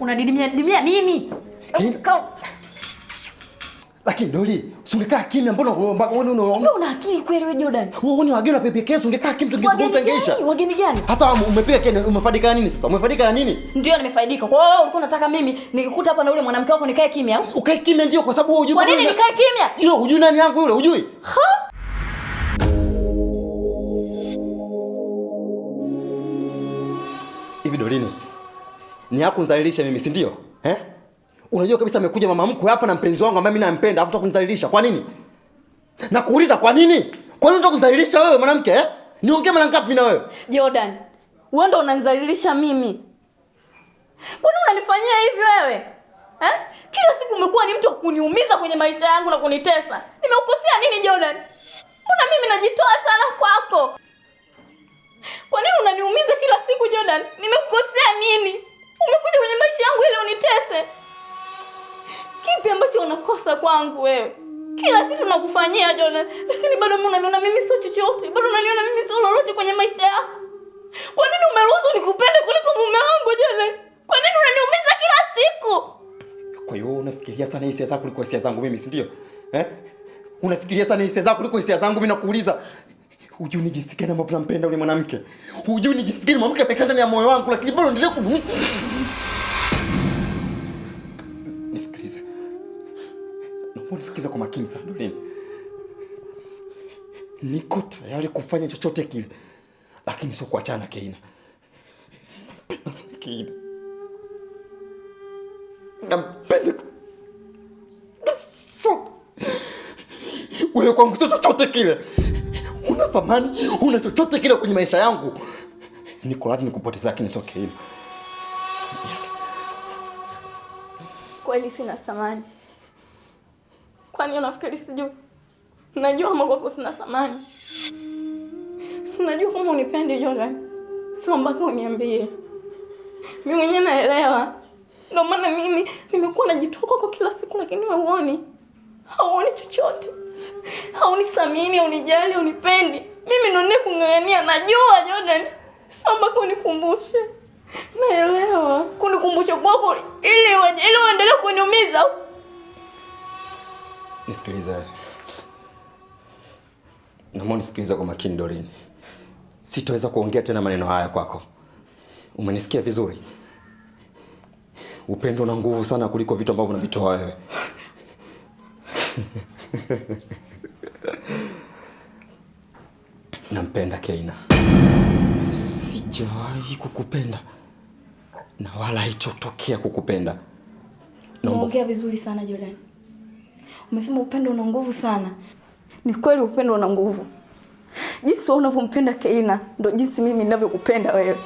unadidimia didimia nini? Lakini Doli, usingekaa kimya mbona una akili kweli wewe Jordan? Wewe ni wageni pepe unapepekeza, ungekaa kimya tungezungumza ingeisha. Wageni gani? Hasa umepewa umefaidika na nini sasa? Umefaidika na nini? Ndio nimefaidika. Kwa hiyo ulikuwa unataka mimi nikikuta hapa na yule mwanamke wako nikae kimya au? Ukae kimya ndio kwa sababu wewe hujui. Kwa nini nikae kimya? Yule hujui nani yangu yule, hujui? Ha? Hivi Dolini ni hakunidhalilisha mimi, si ndio? Eh? Unajua kabisa amekuja mama mkwe hapa na mpenzi wangu ambaye mimi nampenda, afuta kunidhalilisha. Kwa nini? Nakuuliza kwa nini? Kwa nini unataka kunidhalilisha wewe mwanamke eh? Niongea mara ngapi mimi na wewe? Jordan, wewe ndio unanidhalilisha mimi. Kwa nini unanifanyia hivi wewe? Eh? Kila siku umekuwa ni mtu wa kuniumiza kwenye maisha yangu na kunitesa. Nimeukosea nini Jordan? Mbona mimi najitoa sana kwako? Kwa nini unaniumiza kila siku Jordan? Nimekukosea nini? Umekuja kwenye maisha yangu ili unitese. Kipi ambacho unakosa kwangu wewe? Kila kitu nakufanyia Jonah, lakini bado unaniona mimi sio chochote, bado unaniona mimi sio lolote kwenye maisha yako. Kwa nini umeruhusu nikupende kuliko mume wangu Jonah? Kwa nini unaniumiza kila siku? Kwa hiyo unafikiria sana hisia zako kuliko hisia zangu mimi, si ndio? Eh? Unafikiria sana hisia zako kuliko hisia zangu mimi, nakuuliza. Hujui ni nijisikia na mavu nampenda yule mwanamke. Hujui ni nijisikia na mwanamke amekaa ndani ya moyo wangu lakini bado endelea kumuhusu. Nisikilize. Naomba nisikize kwa makini sana Doreen. Niko tayari kufanya chochote kile. Lakini sio kuachana na Keina. Nampenda sana Keina. Nampenda wewe kwangu sio chochote kile una thamani, una chochote kile kwenye maisha yangu. Niko radhi nikupoteza, lakini sio kile. Yes. Kweli sina thamani. Kwani unafikiri sijui? Najua mambo yako sina thamani. Najua kama unipende Jordan. Sio mpaka uniambie. Mimi mwenyewe naelewa. Ndio maana mimi nimekuwa najitoka kwa kila siku, lakini wewe huoni. Hauoni chochote. haunisamini, haunijali, haunipendi. Mimi ndo nikung'ang'ania. Najua Jordan, soma kunikumbushe, naelewa kunikumbusha kwako, ili ili uendelee kuniumiza. Nisikilize, naomba kwa makini Doreen. Sitaweza kuongea tena maneno haya kwako, umenisikia vizuri? Upendo na nguvu sana kuliko vitu ambavyo unavitoa wewe. Nampenda Keina, sijawahi kukupenda na wala haitotokea kukupenda. Naongea vizuri sana Jordan, umesema upendo una nguvu sana. Ni kweli, upendo una nguvu. Jinsi unavyompenda Keina ndo jinsi mimi ninavyokupenda wewe.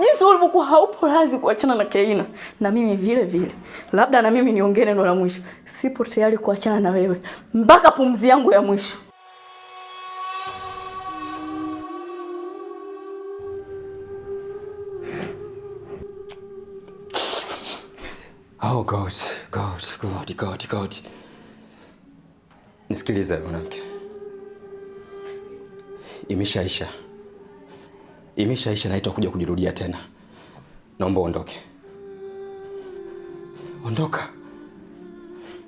Jinsi ulivyokuwa haupo razi kuachana na Keina na mimi vile vile. Labda na mimi niongee neno la mwisho. Sipo tayari kuachana na wewe mpaka pumzi yangu ya mwisho. Oh God, God, God, God, God. Nisikilize mwanamke imeshaisha, imeshaisha na itakuja kujirudia tena. Naomba uondoke, ondoka.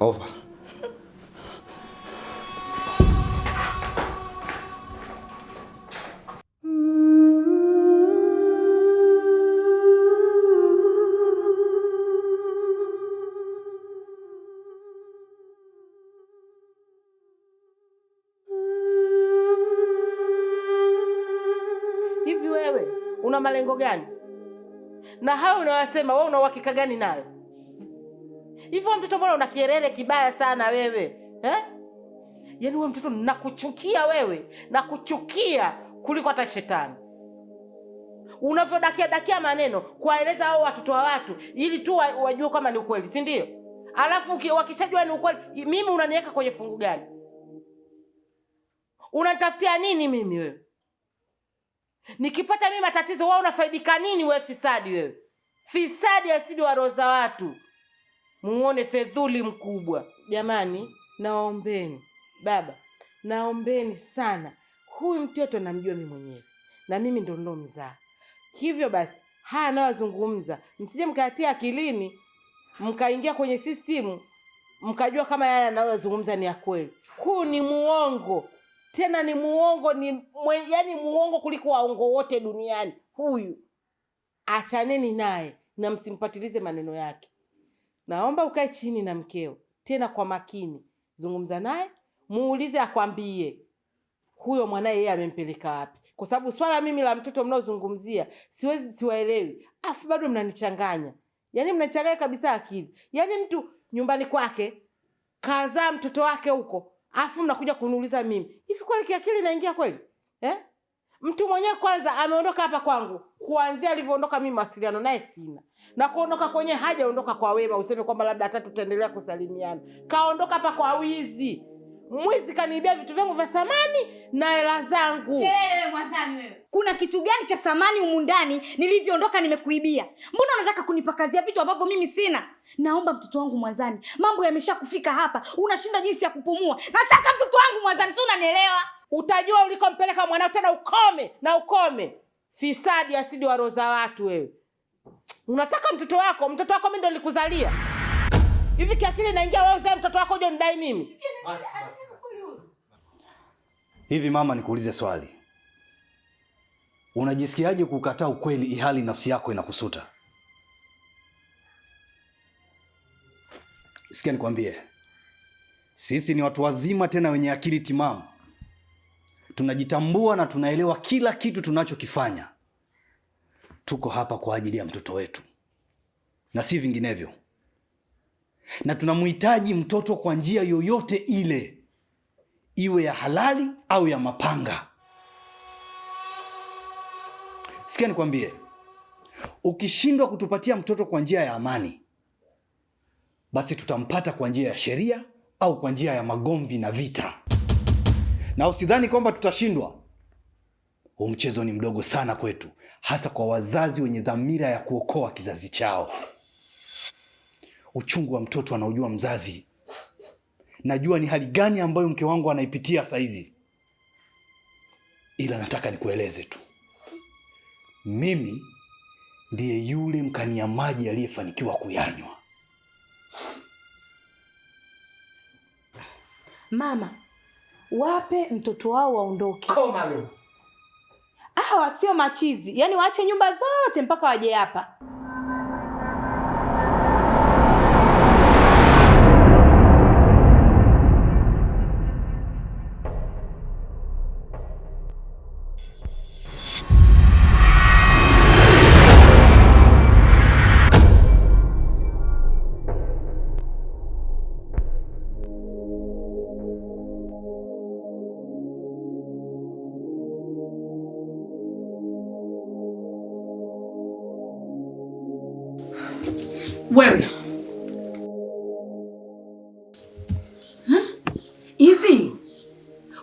Over. mchango gani? Na hayo unayosema wewe una uhakika gani nayo? Hivyo mtoto, mbona una kielele kibaya sana wewe eh? Yaani wewe mtoto, nakuchukia wewe, nakuchukia kuliko hata shetani unavyodakia dakia maneno kuwaeleza hao watoto wa watu ili tu wajue kama ni ukweli, si ndio? Alafu wakishajua ni ukweli, mimi unaniweka kwenye fungu gani? Unanitafutia nini mimi wewe? Nikipata mimi matatizo, wewe unafaidika nini? Wewe fisadi, wewe fisadi, asidi wa roho za watu, muone fedhuli mkubwa. Jamani, naombeni baba, naombeni sana, huyu mtoto namjua mimi mwenyewe na mimi ndo nilomzaa. Hivyo basi haya anayozungumza msije mkatia akilini, mkaingia kwenye sistimu mkajua kama yeye anayozungumza ni ya kweli. Huu ni muongo tena ni muongo, ni mwe, yani muongo kuliko waongo wote duniani. Huyu achaneni naye na msimpatilize maneno yake. Naomba ukae chini na mkeo tena kwa makini, zungumza naye, muulize akwambie huyo mwanaye yeye amempeleka wapi, kwa sababu swala mimi la mtoto mnaozungumzia siwezi, siwaelewi, afu bado mnanichanganya, yani mnanichanganya kabisa akili. Yani mtu nyumbani kwake kazaa mtoto wake huko Afu mnakuja kuniuliza mimi. Hivi kweli kiakili inaingia kweli? Eh? Mtu mwenyewe kwanza ameondoka hapa kwangu. Kuanzia alivyoondoka mimi mawasiliano naye sina. Na kuondoka kwenye hajaondoka kwa wema useme kwamba labda hata tutaendelea kusalimiana. Kaondoka hapa kwa wizi mwizi kaniibia vitu vyangu vya samani na hela zangu. Kuna kitu gani cha samani humu ndani? Nilivyoondoka nimekuibia, mbona unataka kunipakazia vitu ambavyo mimi sina? Naomba mtoto wangu Mwanzani, mambo yamesha kufika hapa, unashinda jinsi ya kupumua. Nataka mtoto wangu Mwanzani, si unanielewa? Utajua ulikompeleka mwanao, tena ukome na ukome fisadi asidi wa roza watu. Wewe unataka mtoto wako, mtoto wako mimi ndo nilikuzalia. Hivi kiakili naingia wewe uzae mtoto wako uje mimi? Basi basi. Hivi mama, nikuulize swali. Unajisikiaje kukataa ukweli ihali nafsi yako inakusuta? Sikia nikwambie, sisi ni watu wazima tena wenye akili timamu, tunajitambua na tunaelewa kila kitu tunachokifanya. Tuko hapa kwa ajili ya mtoto wetu na si vinginevyo na tunamhitaji mtoto kwa njia yoyote ile, iwe ya halali au ya mapanga. Sikia nikwambie, ukishindwa kutupatia mtoto kwa njia ya amani, basi tutampata kwa njia ya sheria au kwa njia ya magomvi na vita, na usidhani kwamba tutashindwa. Huu mchezo ni mdogo sana kwetu, hasa kwa wazazi wenye dhamira ya kuokoa kizazi chao uchungu wa mtoto anaojua mzazi. Najua ni hali gani ambayo mke wangu anaipitia saizi, ila nataka nikueleze tu, mimi ndiye yule mkania maji aliyefanikiwa kuyanywa. Mama, wape mtoto wao waondoke. Koma leo. Hawa sio machizi, yaani waache nyumba zote mpaka waje hapa. wewe hivi,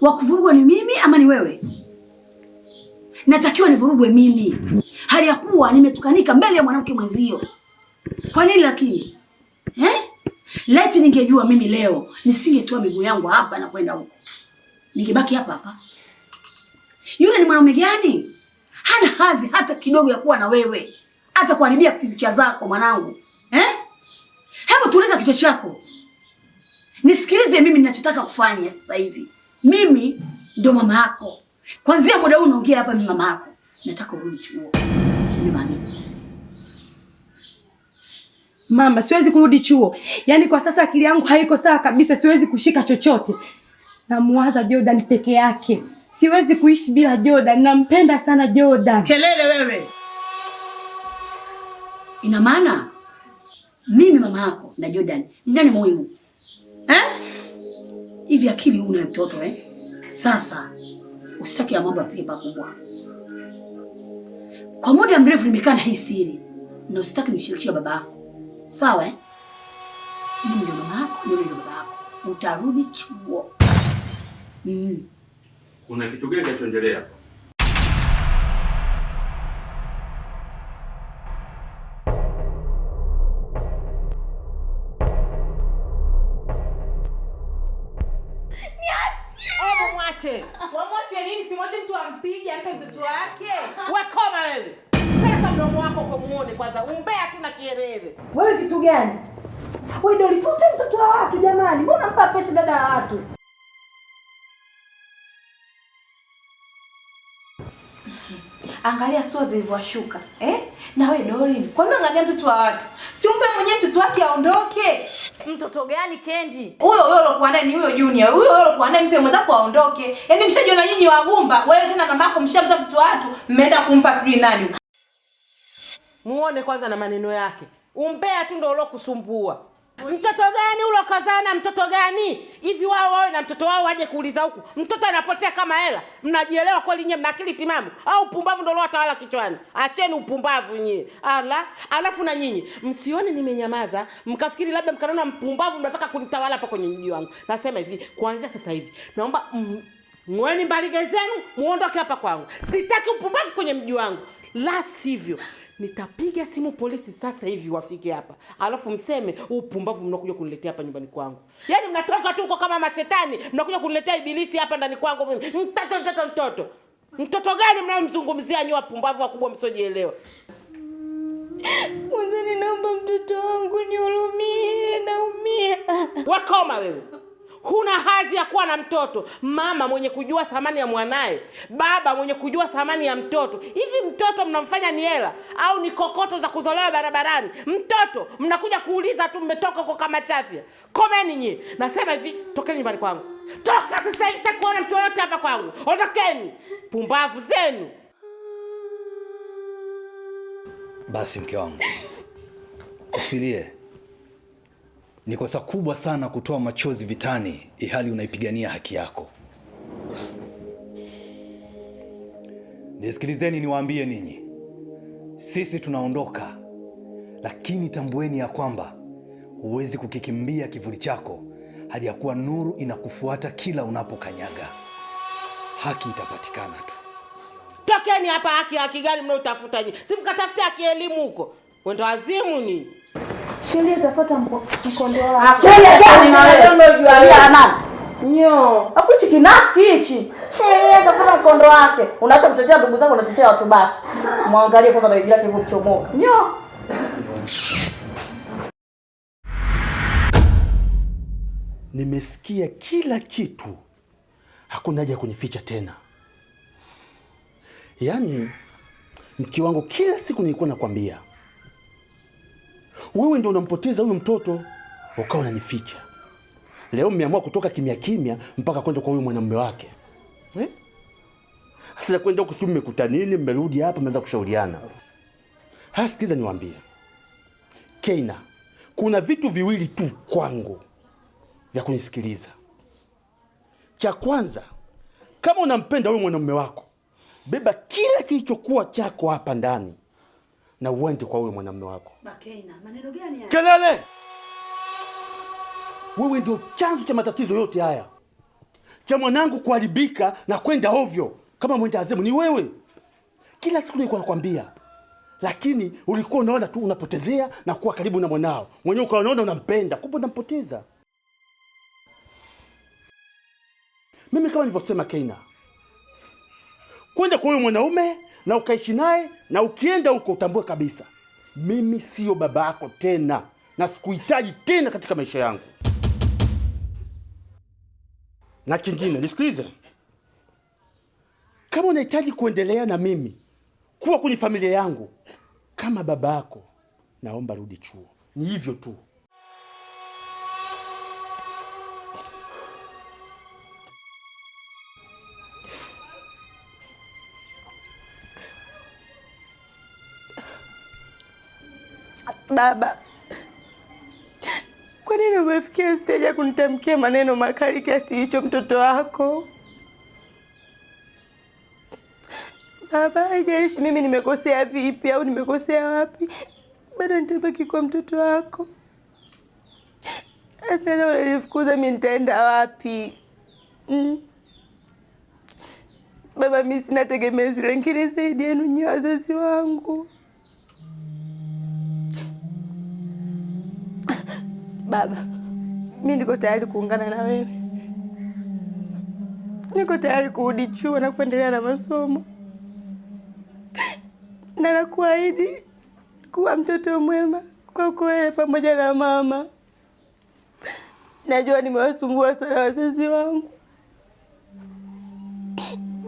wakuvurugwa ni mimi ama ni wewe? Natakiwa nivurugwe mimi, hali ya kuwa nimetukanika mbele ya mwanamke mwenzio. Kwa nini lakini eh? Laiti ningejua mimi leo, nisingetoa miguu yangu hapa na kwenda huko, ningebaki hapa hapa. Yule ni mwanaume gani? Hana hazi hata kidogo ya kuwa na wewe, hata kuharibia future zako mwanangu eh? Hebu tuliza kichwa chako nisikilize mimi, ninachotaka kufanya sasa hivi. Mimi ndo mama yako, kwanzia muda huu unaongea hapa, mimi mama yako. Nataka urudi chuo. Nimaanisha. mama, siwezi kurudi chuo. Yaani kwa sasa akili yangu haiko sawa kabisa, siwezi kushika chochote. Namwaza Jordan peke yake, siwezi kuishi bila Jordan. Nampenda sana Jordan. Kelele wewe, ina maana mimi mama yako na Jordan ni nani muhimu eh? hivi Akili una mtoto eh? Sasa usitaki ya mambo afike pakubwa. Kwa muda mrefu nimekaa na hii siri na usitaki mshirikisha baba yako, sawa eh? Mimi ndio mama yako, mimi ndio baba yako, utarudi chuo. Mm. Kuna kitu gani kinachoendelea hapa? Nyerere. Wewe kitu gani? Wewe ndio si mtoto wa watu jamani, mbona mpa pesa dada ya watu? Angalia sio zilivyoshuka, eh? Na wewe Doli, kwa nini angalia mtoto wa watu? Si umpe mwenyewe mtoto wake aondoke. Mtoto gani Kendi? Huyo wewe uliokuwa naye ni huyo Junior. Huyo wewe uliokuwa naye mpe mwenzako aondoke. Yaani mshajiona nyinyi wagumba, wewe tena mamako mshamza mtoto wa watu, mmeenda kumpa sijui nani muone kwanza na maneno yake. Umbea tu ndio ulokusumbua. Mtoto gani ulo kazana? Mtoto gani hivi? Wao wawe na mtoto wao waje kuuliza huku, mtoto anapotea kama hela. Mnajielewa kweli nyewe? Mna akili timamu au upumbavu ndio uliowatawala kichwani? Acheni upumbavu nyie. Ala, alafu na nyinyi msione nimenyamaza mkafikiri labda mkanaona mpumbavu mnataka kunitawala hapa kwenye mji wangu. Nasema hivi, kuanzia sasa hivi naomba mweni mbalige zenu muondoke hapa kwangu. Sitaki upumbavu kwenye mji wangu, la sivyo nitapiga simu polisi sasa hivi wafike hapa, alafu mseme upumbavu, mnakuja kuniletea hapa nyumbani kwangu. Yaani mnatoka tu huko kama mashetani, mnakuja kuniletea ibilisi hapa ndani kwangu mimi. Mtoto mtoto mtoto mtoto gani mnayomzungumzia nyoa, wapumbavu wakubwa msiojielewa. Mwanzani, naomba mtoto wangu niulumie naumia. Wakoma wewe. Huna hadhi ya kuwa na mtoto. Mama mwenye kujua thamani ya mwanaye, baba mwenye kujua thamani ya mtoto. Hivi mtoto mnamfanya ni hela au ni kokoto za kuzolewa barabarani? Mtoto mnakuja kuuliza tu, mmetoka kwa kama chafya. Komeni nyie, nasema hivi, tokeni nyumbani kwangu, toka sasa hivi, sitakuona mtu yoyote hapa kwangu, ondokeni, pumbavu zenu. Basi mke wangu usilie. Ni kosa kubwa sana kutoa machozi vitani, ihali unaipigania haki yako. Nisikilizeni niwaambie ninyi, sisi tunaondoka, lakini tambueni ya kwamba huwezi kukikimbia kivuli chako hadi ya kuwa nuru inakufuata kila unapokanyaga. Haki itapatikana tu. Tokeni hapa! Haki haki gani mnaotafuta? Si mkatafute haki elimu huko, Wendo wazimu ni Sheria tafuata mkondo wako. Ah, sheria gani na Ndio jua ya nani? Nyo. Afu hichi kinafiki hichi. Sheria tafuata mkondo wake. Unaacha kutetea ndugu zako, unatetea watu baki. Muangalie kwanza begi lake hivyo kuchomoka. Nyo. Nimesikia kila kitu. Hakuna haja ya kunificha tena. Yaani mke wangu kila siku nilikuwa nakwambia wewe ndio unampoteza huyu mtoto, ukawa unanificha. Leo mmeamua kutoka kimya kimya mpaka kwenda kwa huyu mwanamume wake eh? Sasa kwenda huko, sijui nini, mmerudi hapa, mmeanza kushauriana. Haya, sikiza niwaambie Keina, kuna vitu viwili tu kwangu vya kunisikiliza. Cha kwanza, kama unampenda huyu mwanamume wako, beba kila kilichokuwa chako hapa ndani na uende kwa huyo mwanamume wako. Makena, maneno gani haya? Kelele! Wewe ndio chanzo cha matatizo yote haya, cha mwanangu kuharibika na kwenda ovyo kama mwenda azimu. Ni wewe, kila siku nilikuwa nakwambia, lakini ulikuwa unaona tu unapotezea na kuwa karibu na mwanao mwenyewe, ukawa unaona unampenda, kumbe unampoteza. Mimi kama nilivyosema, Keina, kwenda kwa huyo mwanaume na ukaishi naye, na ukienda huko utambue kabisa mimi siyo baba yako tena, na sikuhitaji tena katika maisha yangu. Na kingine nisikilize, kama unahitaji kuendelea na mimi kuwa kwenye familia yangu kama baba yako, naomba rudi chuo. Ni hivyo tu. Baba, kwa nini umefikia stage ya kunitamkia maneno makali kiasi hicho mtoto wako? Baba, haijalishi mimi nimekosea vipi au nimekosea wapi, bado nitabaki kwa mtoto wako. Sasa leo unanifukuza, mimi nitaenda wapi? Mm. Baba, mimi sina tegemezi lingine zaidi yenu nyi wazazi wangu. Baba, mi niko tayari kuungana na wewe, niko tayari kurudi chuo na kuendelea na masomo, na nakuahidi kuwa mtoto mwema kwako wewe pamoja na mama. Najua nimewasumbua sana wazazi wangu.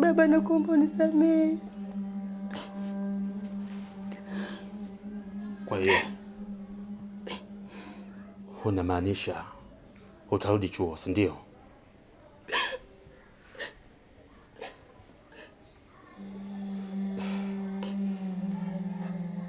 Baba, nakuomba unisamehe. Kwa hiyo Unamaanisha utarudi chuo, si ndio?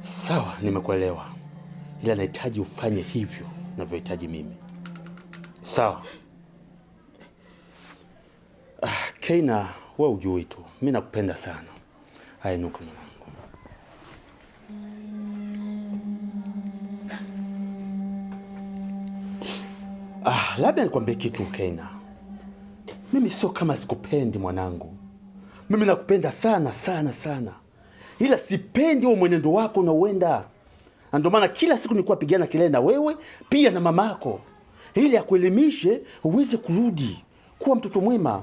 Sawa, nimekuelewa, ila nahitaji ufanye hivyo navyohitaji mimi. Sawa. Ah, Keina, we ujui tu, mi nakupenda sana. Haya, nuka mwana. Ah, labda nikwambie kitu kena mimi sio kama sikupendi mwanangu, mimi nakupenda sana sana sana, ila sipendi huo mwenendo wako unauenda, na ndio maana kila siku nilikuwa pigana kelele na wewe pia na mamako, ili akuelimishe uweze kurudi kuwa mtoto mwema,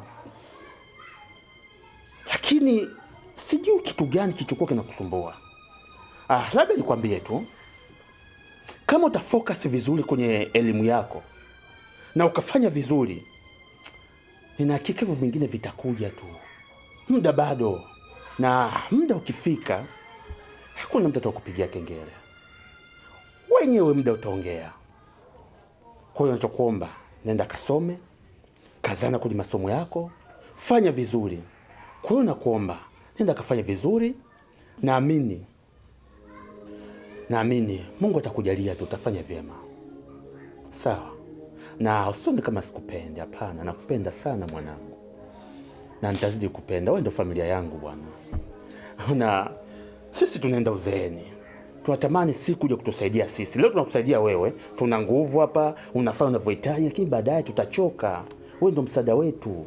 lakini sijui kitu gani kilichokuwa kinakusumbua. Ah, labda nikwambie tu, kama utafocus vizuri kwenye elimu yako na ukafanya vizuri, nina hakika hivyo vingine vitakuja tu, muda bado, na muda ukifika, hakuna mtu atakupigia kengele, wenyewe muda utaongea. Kwa hiyo nachokuomba, nenda kasome, kazana kwenye masomo yako, fanya vizuri. Kwa hiyo nakuomba, nenda kafanya vizuri, naamini naamini Mungu atakujalia tu, utafanya vyema. Sawa na usione kama sikupendi. Hapana, nakupenda sana mwanangu, na nitazidi kupenda. Wewe ndio familia yangu bwana, na sisi tunaenda uzeeni, tunatamani siku kuja kutusaidia sisi. Leo tunakusaidia wewe, tuna nguvu hapa, unafanya unavyohitaji, lakini baadaye tutachoka. Wewe ndio msaada wetu.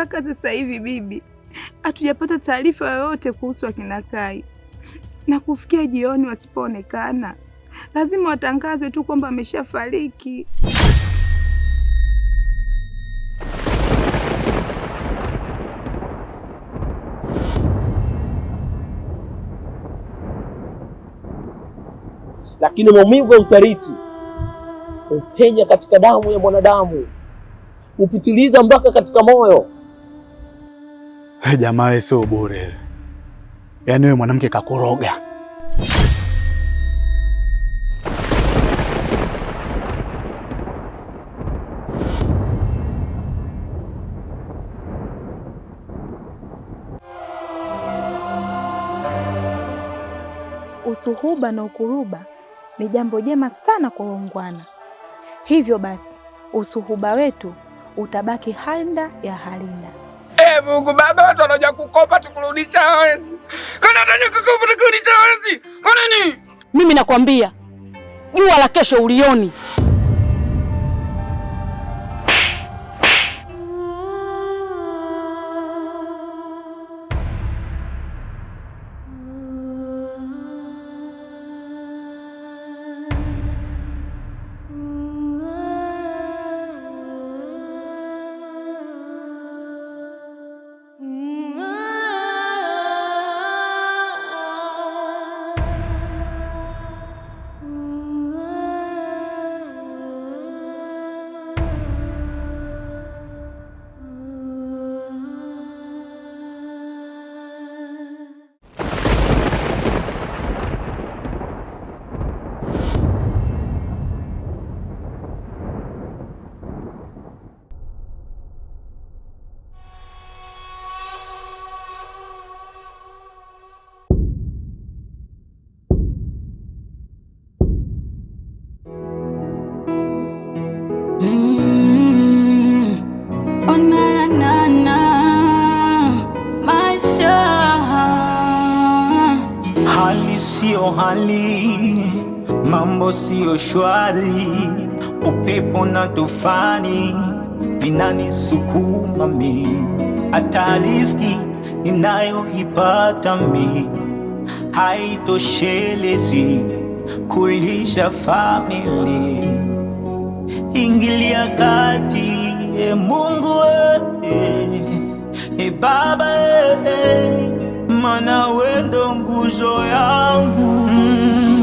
mpaka sasa hivi bibi, hatujapata taarifa yoyote kuhusu akina Kai, na kufikia jioni wasipoonekana, lazima watangazwe tu kwamba ameshafariki. Lakini maumivu ya usaliti hupenya katika damu ya mwanadamu, hupitiliza mpaka katika moyo. Eh, jamaa wewe sio bure, yaani wewe mwanamke kakoroga. Usuhuba na ukuruba ni jambo jema sana kwa wongwana Hivyo basi usuhuba wetu utabaki halinda ya halinda. Ee Mungu Baba, watu wanaja kukopa tukurudisha hawezi. Kana wanaja kukopa tukurudisha hawezi. Kwa nini? Mimi nakwambia jua la kesho ulioni. hali sio hali, mambo sio shwari, upepo na tufani vinanisukuma mi, hata riziki ninayoipata mi haitoshelezi kulisha famili. Ingilia kati, e Mungu, e Baba, e mana wendo nguzo yangu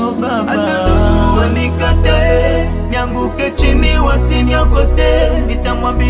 oh atanduguwe mikatae, nianguke chini wasiniokote, nitamwambia